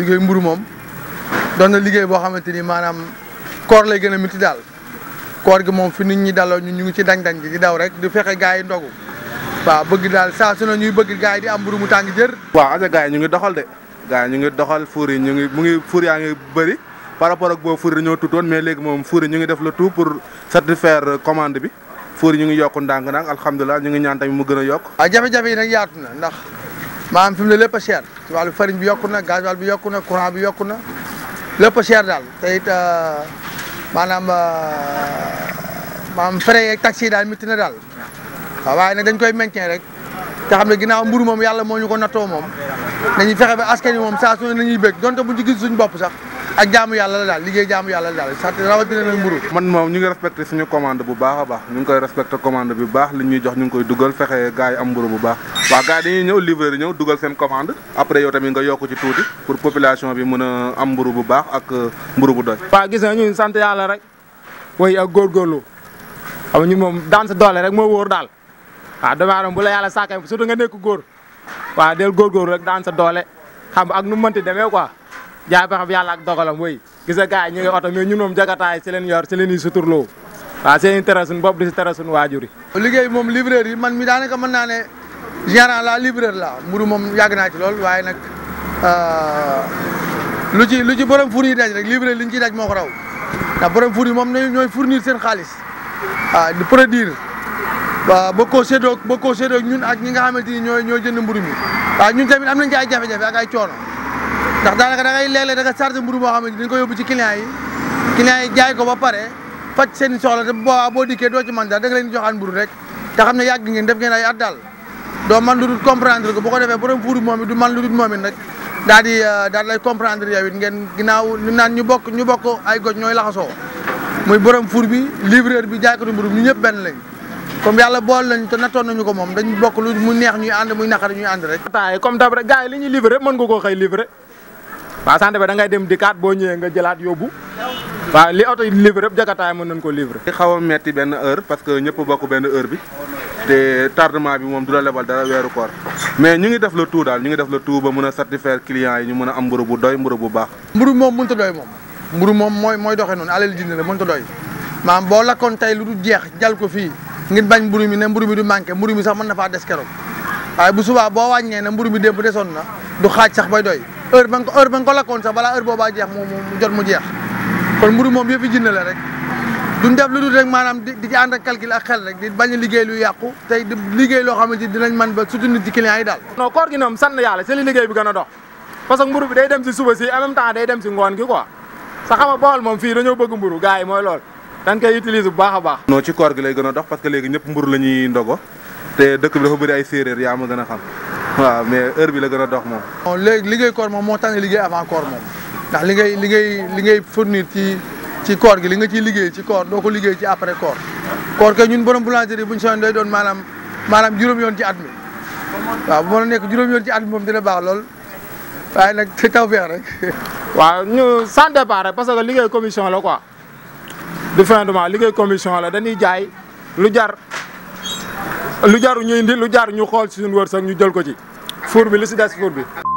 liggéey mburu moom doon na liggéey boo xamante ni maanaam koor lay gën a miti daal koor gi moom fi nit ñi daloo ñu ñu ngi ci dañ-dañ gi di daw rek di fexe gars yi ndogu waaw bëgg daal saa su ñuy bëgg gars yi di am mburu mu tàng jër. waaw aja gars ñu ngi doxal de gars ñu ngi doxal fuur yi ñu ngi mu ngi fuur yaa ngi bëri par rapport ak boobu fuur yi ñoo tutoon mais léegi moom fuur ñu ngi def le tout pour satisfaire commande bi fuur ñu ngi yokk ndànk-ndànk alhamdulilah ñu ngi ñaan tamit mu gën a yokk. waaw jafe-jafe yi nag yaatu na ndax maanaam fim mu ne lépp a cher ci wàllu farine bi yokku na gasoil bi yokku na courant bi yokku na lépp a daal te it euh, maanaam euh, maanaam frais yeeg taxi daal métti na daal waaw waaye nag dañ koy maintien rek te xam ne ginnaaw mburu moom yàlla moo ñu ko nattoo moom na nañuy fexe ba askan wi moom saa su ne nañuy bëgg donte buñ ci gis suñ bopp sax ak jaamu yàlla la daal liggéey jaamu yàlla la daal sant rawatina nag mburu man moom ñu ngi respecté suñu commande bu baax a baax ñu ngi koy respecté commande bi baax li jox ñu ngi koy dugal fexe gars yi am mburu bu baax waaw gars yi dañuy ñëw livreur yi ñëw dugal seen commande après yow tamit nga yokk ci tuuti pour bi mën a am mburu bu baax ak euh, mburu bu doy waaw gis nga ñun sant yàlla rek way ak góorgóorlu xam ñun moom daan sa doole rek moo wóor daal waaw damaadam bu la yàlla sàkkee surtout nga nekk góor waaw del góorgóorlu rek daan sa doole xam ak nu mënti demee quoi jaay pexeb yàlla ak dogalam wéy gis nga gars yi ñu ngi oto mais ñun moom jagataay si leen yor si leen yi suturloo waaw seen di si tere suñu waajur liggéey moom livreur yi man mi daanaka mën naa ne gérant la la mburu moom yàgg naa ci lool waaye nag euh, lu ci lu ci borom fourni daj rek livreur li ñu ciy daj moo ko raw ndax borom fourni moom ñooy fournir seen xaalis waaw di produire waaw ba koo séddoo ba koo séddoo ñun ak ñi nga xamante ni ñooy ñoo jënd mburu mi waaw ñun tamit am nañ ci ay jafe-jafe ak ay coono ndax daanaka da ngay léeg-léeg da nga chargé mburu boo xam ne dañ ko yóbbu ci client yi client yi jaay ko ba pare faj seen soxla te boobaa boo dikkee doo ci man daal da nga leen joxaan mburu rek te xam ne yàgg ngeen def ngeen ay at daal doo man lu dul comprendre ko bu ko defee borom fuuru moom it du man lu dul moom it nag daal di euh, lay comprendre yow it ngeen ginnaaw ñu naan ñu bokk ñu bokk ay goj ñooy laxaso muy borom fuur bi livreur bi jaaykatu mburu ñu ñëpp benn lañ comme yàlla bool nañ te nattoon nañu ko moom dañ bokk mu neex ñuy ànd muy naqari ñuy ànd rek. mën nga koo xëy livré waaw santé ba da ngay dem dikkaat boo ñëwee nga jëlaat yóbbu waaw li oto yi livré yëpp jakataay mën nañ ko livré xaw a metti benn heure parce que ñëpp bokk benn heure bi te tardement bi moom du la lebal dara weeru koor mais ñu ngi def le tout daal ñu ngi def le tout ba mën a satisfaire clients yi ñu mën a am mburu bu doy mburu bu baax mburu moom mënut a doy moom mburu moom mooy mooy doxee noonu alal dina la mënut a doy maanaam boo lakkoon tey lu du jeex jal ko fii ngi bañ mburu mi ne mburu mi du manqué mburu mi sax mën na faa des keroog waaye bu subaa boo wàññee ne mburu mi démb desoon na du xaaj sax bay heure ba nga ko heure ba nga ko lakkoon sax balaa heure boobaa jeex mu jot mu jeex kon mburu moom yëpp jinne la rek duñ def lu dul rek maanaam di ci ànd ak calcul ak xel rek di bañ liggéey lu yàqu te di liggéey loo xamante dinañ man ba surtout nit ci clients yi daal. non koor yàlla ci liggéey bi gën a dox parce que mburu bi day dem si suba si en même temps day dem si ngoon gi quoi sa xam nga bool moom fii dañoo bëgg mburu gars yi mooy lool dañ koy bu baax a baax. non ci koor gi lay gën a dox parce que léegi ñëpp mburu la ñuy ndogo te dëkk bi dafa bëri ay a xam waaw mais heure bi la gën a dox moom. bon léegi liggéey koor moom moo tax ne liggéey avant koor moom ndax li ngay li ngay ngay fournir ci ci koor gi li nga ciy liggéey ci koor doo ko liggéey ci après koor koor kay ñun borom boulangerie bu ñu soxla day doon maanaam maanaam juróom yoon ci at mi waaw bu ma nekk juróom yoon ci at mi moom dina baax lool waaye nag ci taw feex rek. waaw ñu sans départ rek parce que liggéey commission la quoi du fin du mois liggéey commission la dañuy jaay lu jar lu jar ñuy indi lu jar ñu xool si suñu wërsëg ñu jël ko ci. four bi li si des four bi.